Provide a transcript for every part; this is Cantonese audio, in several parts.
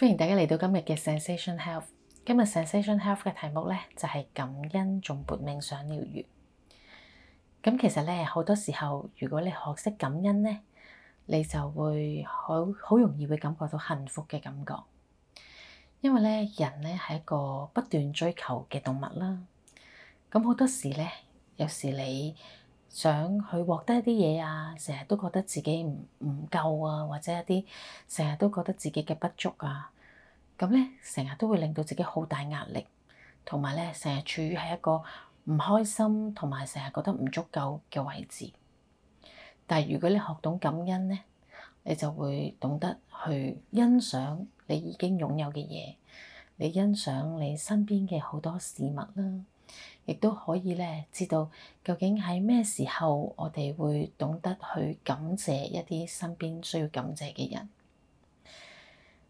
歡迎大家嚟到今日嘅 Zensation Health。今日 Zensation Health 嘅題目呢，就係、是、感恩頌缽冥想療癒。咁其實呢，好多時候，如果你學識感恩呢，你就會好好容易會感覺到幸福嘅感覺。因為呢人呢係一個不斷追求嘅動物啦。咁好多時呢，有時你想去獲得一啲嘢啊，成日都覺得自己唔唔夠啊，或者一啲成日都覺得自己嘅不足啊，咁咧成日都會令到自己好大壓力，同埋咧成日處於喺一個唔開心同埋成日覺得唔足夠嘅位置。但係如果你學懂感恩咧，你就會懂得去欣賞你已經擁有嘅嘢，你欣賞你身邊嘅好多事物啦。亦都可以咧，知道究竟喺咩時候我哋會懂得去感謝一啲身邊需要感謝嘅人。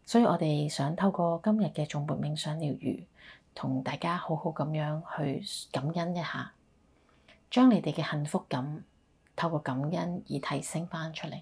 所以我哋想透過今日嘅頌缽冥想療癒，同大家好好咁樣去感恩一下，將你哋嘅幸福感透過感恩而提升翻出嚟。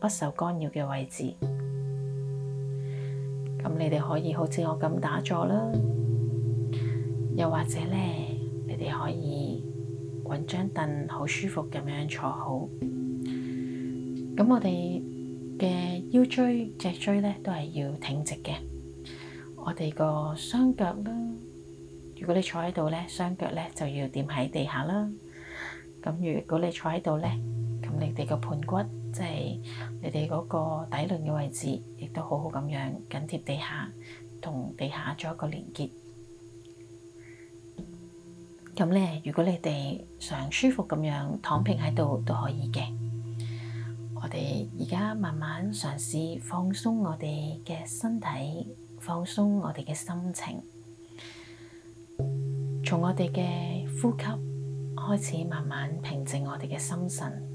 不受干擾嘅位置，咁你哋可以好似我咁打坐啦，又或者呢，你哋可以揾張凳，好舒服咁樣坐好。咁我哋嘅腰椎、脊椎呢，都係要挺直嘅。我哋個雙腳啦，如果你坐喺度呢，雙腳呢，就要掂喺地下啦。咁如果你坐喺度呢，咁你哋個盤骨。即係你哋嗰個底輪嘅位置，亦都好好咁樣緊貼地下，同地下做一個連結。咁咧，如果你哋想舒服咁樣躺平喺度都可以嘅。我哋而家慢慢嘗試放鬆我哋嘅身體，放鬆我哋嘅心情，從我哋嘅呼吸開始，慢慢平靜我哋嘅心神。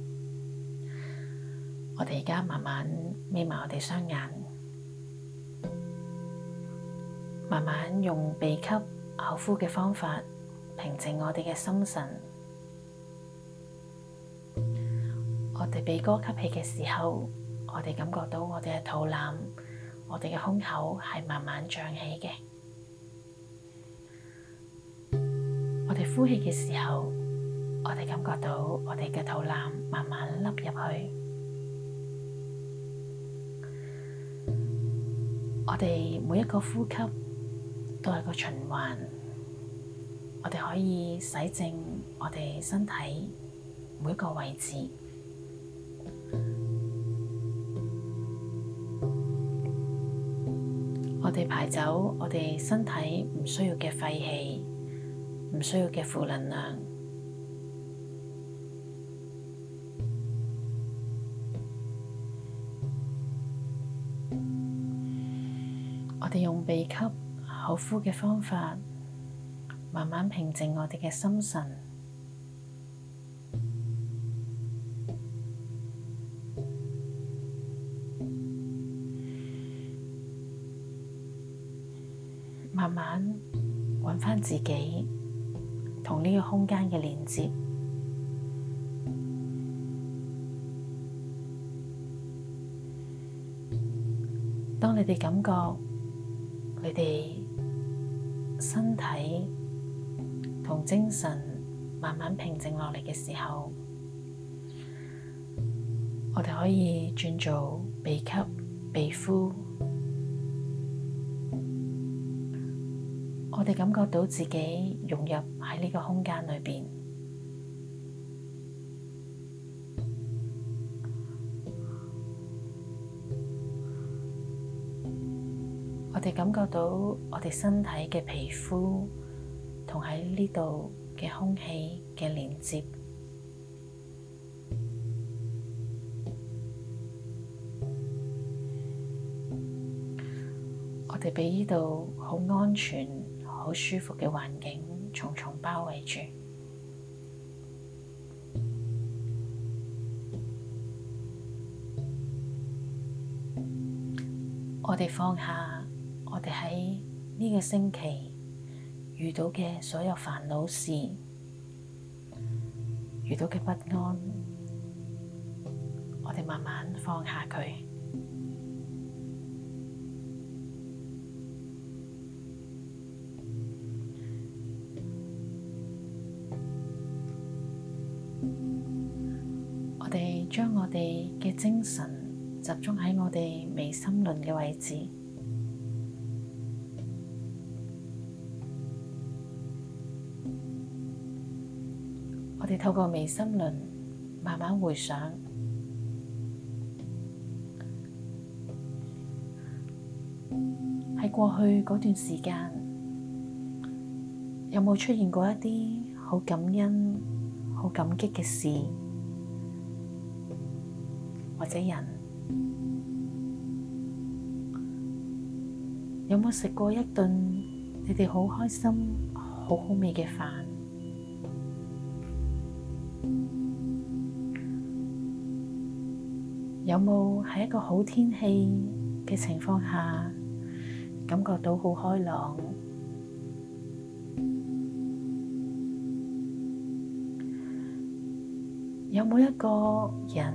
我哋而家慢慢眯埋我哋雙眼，慢慢用鼻吸口呼嘅方法，平靜我哋嘅心神。我哋鼻哥吸氣嘅時候，我哋感覺到我哋嘅肚腩，我哋嘅胸口係慢慢脹起嘅。我哋呼氣嘅時候，我哋感覺到我哋嘅肚腩慢慢凹入去。我哋每一個呼吸都係個循環，我哋可以洗淨我哋身體每一個位置，我哋排走我哋身體唔需要嘅廢氣，唔需要嘅負能量。我哋用鼻吸口呼嘅方法，慢慢平靜我哋嘅心神，慢慢揾返自己同呢個空間嘅連接。當你哋感覺，你哋身體同精神慢慢平靜落嚟嘅時候，我哋可以轉做鼻吸鼻呼，我哋感覺到自己融入喺呢個空間裏邊。我哋感覺到我哋身體嘅皮膚同喺呢度嘅空氣嘅連接，我哋俾呢度好安全、好舒服嘅環境重重包圍住，我哋放下。我哋喺呢個星期遇到嘅所有煩惱事，遇到嘅不安，我哋慢慢放下佢。我哋將我哋嘅精神集中喺我哋眉心輪嘅位置。透過微心輪，慢慢回想。喺過去嗰段時間，有冇出現過一啲好感恩、好感激嘅事，或者人，有冇食過一頓你哋好開心、好好味嘅飯？有冇喺一個好天氣嘅情況下，感覺到好開朗？有冇一個人？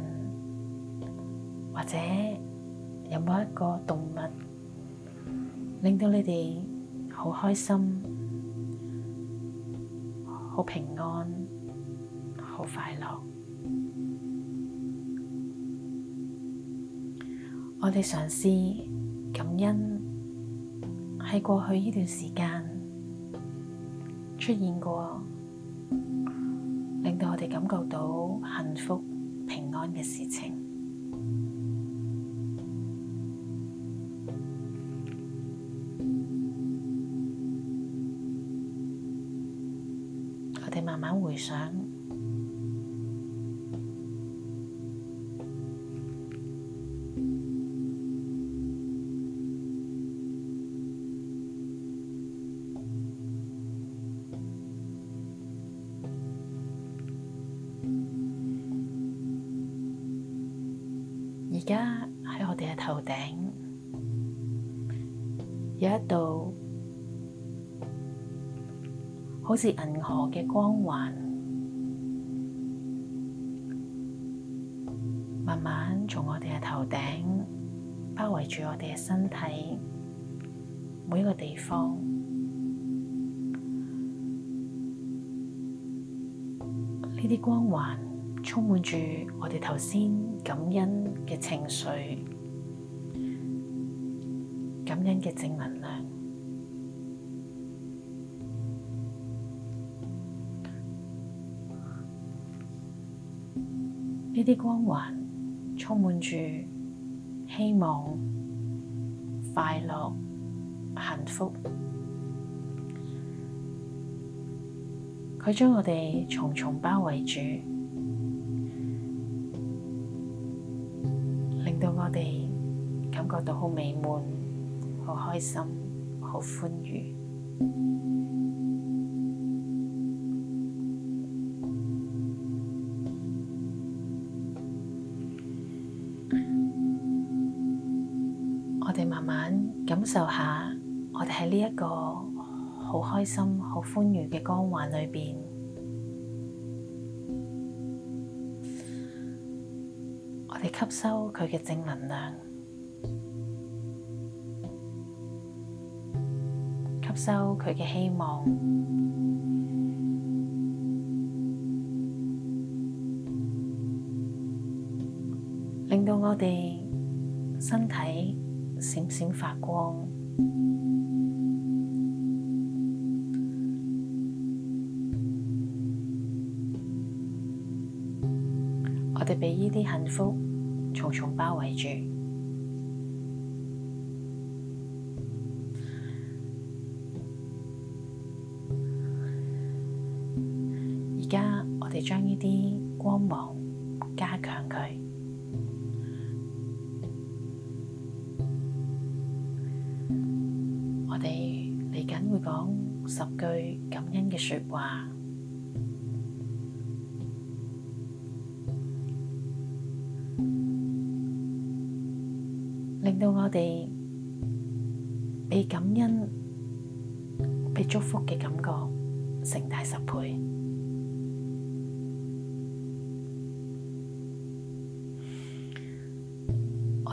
或者有冇一個動物，令到你哋好開心、好平安、好快樂？我哋嘗試感恩喺過去呢段時間出現過，令到我哋感覺到幸福平安嘅事情。我哋慢慢回想。而家喺我哋嘅頭頂，有一道好似銀河嘅光環，慢慢從我哋嘅頭頂包圍住我哋嘅身體每一個地方。呢啲光環充滿住我哋頭先。感恩嘅情緒，感恩嘅正能量，呢啲光環充滿住希望、快樂、幸福，佢將我哋重重包圍住。 我哋慢慢感受下，我哋喺呢一個好開心、好歡愉嘅光環裏邊，我哋吸收佢嘅正能量。收佢嘅希望，令到我哋身體閃閃發光。我哋俾呢啲幸福重重包圍住。將呢啲光芒加強佢，我哋嚟緊會講十句感恩嘅說話，令到我哋被感恩、被祝福嘅感覺成大十倍。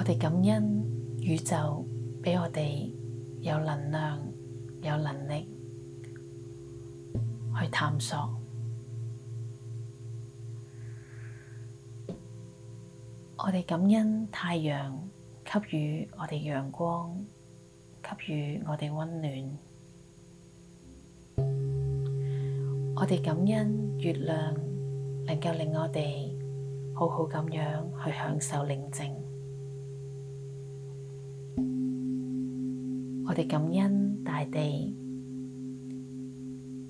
我哋感恩宇宙畀我哋有能量、有能力去探索。我哋感恩太陽給予我哋陽光，給予我哋溫暖。我哋感恩月亮，能夠令我哋好好咁樣去享受寧靜。我哋感恩大地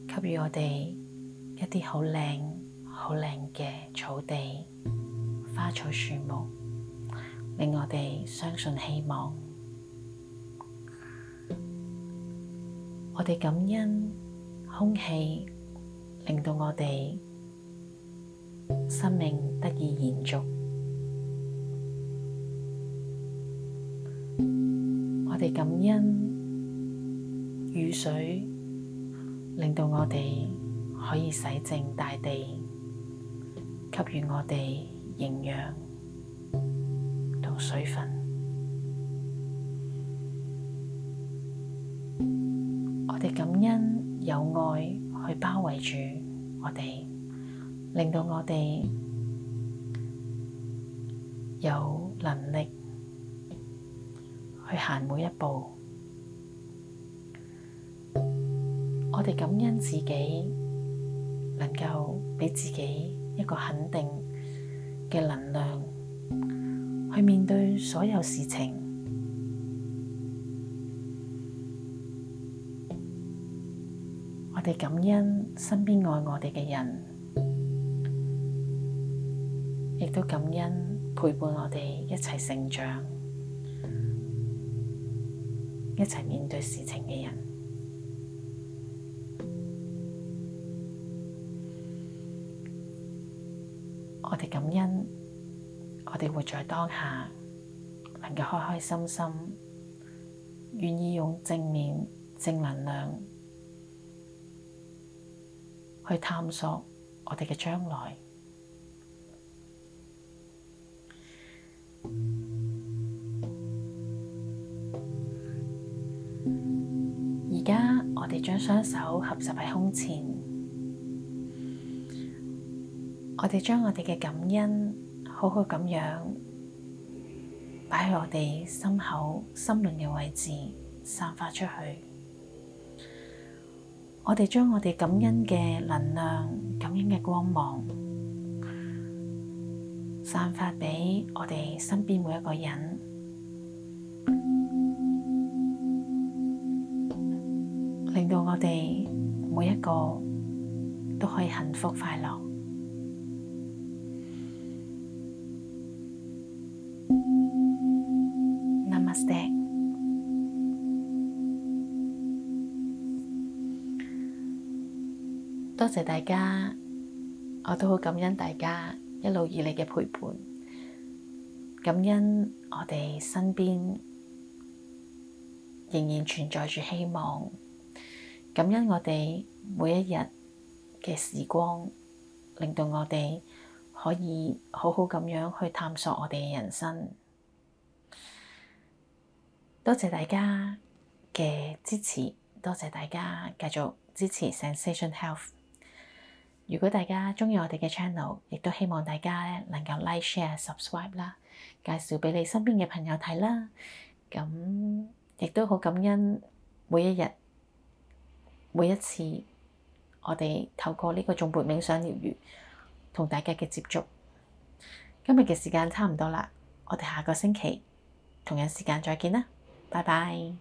給予我哋一啲好靚、好靚嘅草地、花草樹木，令我哋相信希望。我哋感恩空氣，令到我哋生命得以延續。我哋感恩。雨水令到我哋可以洗淨大地，給予我哋營養同水分。我哋感恩有愛去包圍住我哋，令到我哋有能力去行每一步。我哋感恩自己能夠畀自己一個肯定嘅能量去面對所有事情。我哋感恩身邊愛我哋嘅人，亦都感恩陪伴我哋一齊成長、一齊面對事情嘅人。我哋感恩，我哋活在當下，能夠開開心心，願意用正面正能量去探索我哋嘅將來。而家，我哋將雙手合十喺胸前。我哋將我哋嘅感恩好好咁樣擺喺我哋心口、心靈嘅位置，散發出去。我哋將我哋感恩嘅能量、感恩嘅光芒散發畀我哋身邊每一個人，令到我哋每一個都可以幸福快樂。多謝大家，我都好感恩大家一路以嚟嘅陪伴，感恩我哋身邊仍然存在住希望，感恩我哋每一日嘅時光，令到我哋可以好好咁樣去探索我哋嘅人生。多謝大家嘅支持，多謝大家繼續支持 Zensation Health。如果大家中意我哋嘅 channel，亦都希望大家能夠 like、share、subscribe 啦，介紹俾你身邊嘅朋友睇啦。咁亦都好感恩每一日、每一次我哋透過呢個頌缽冥想療癒同大家嘅接觸。今日嘅時間差唔多啦，我哋下個星期同樣時間再見啦。拜拜。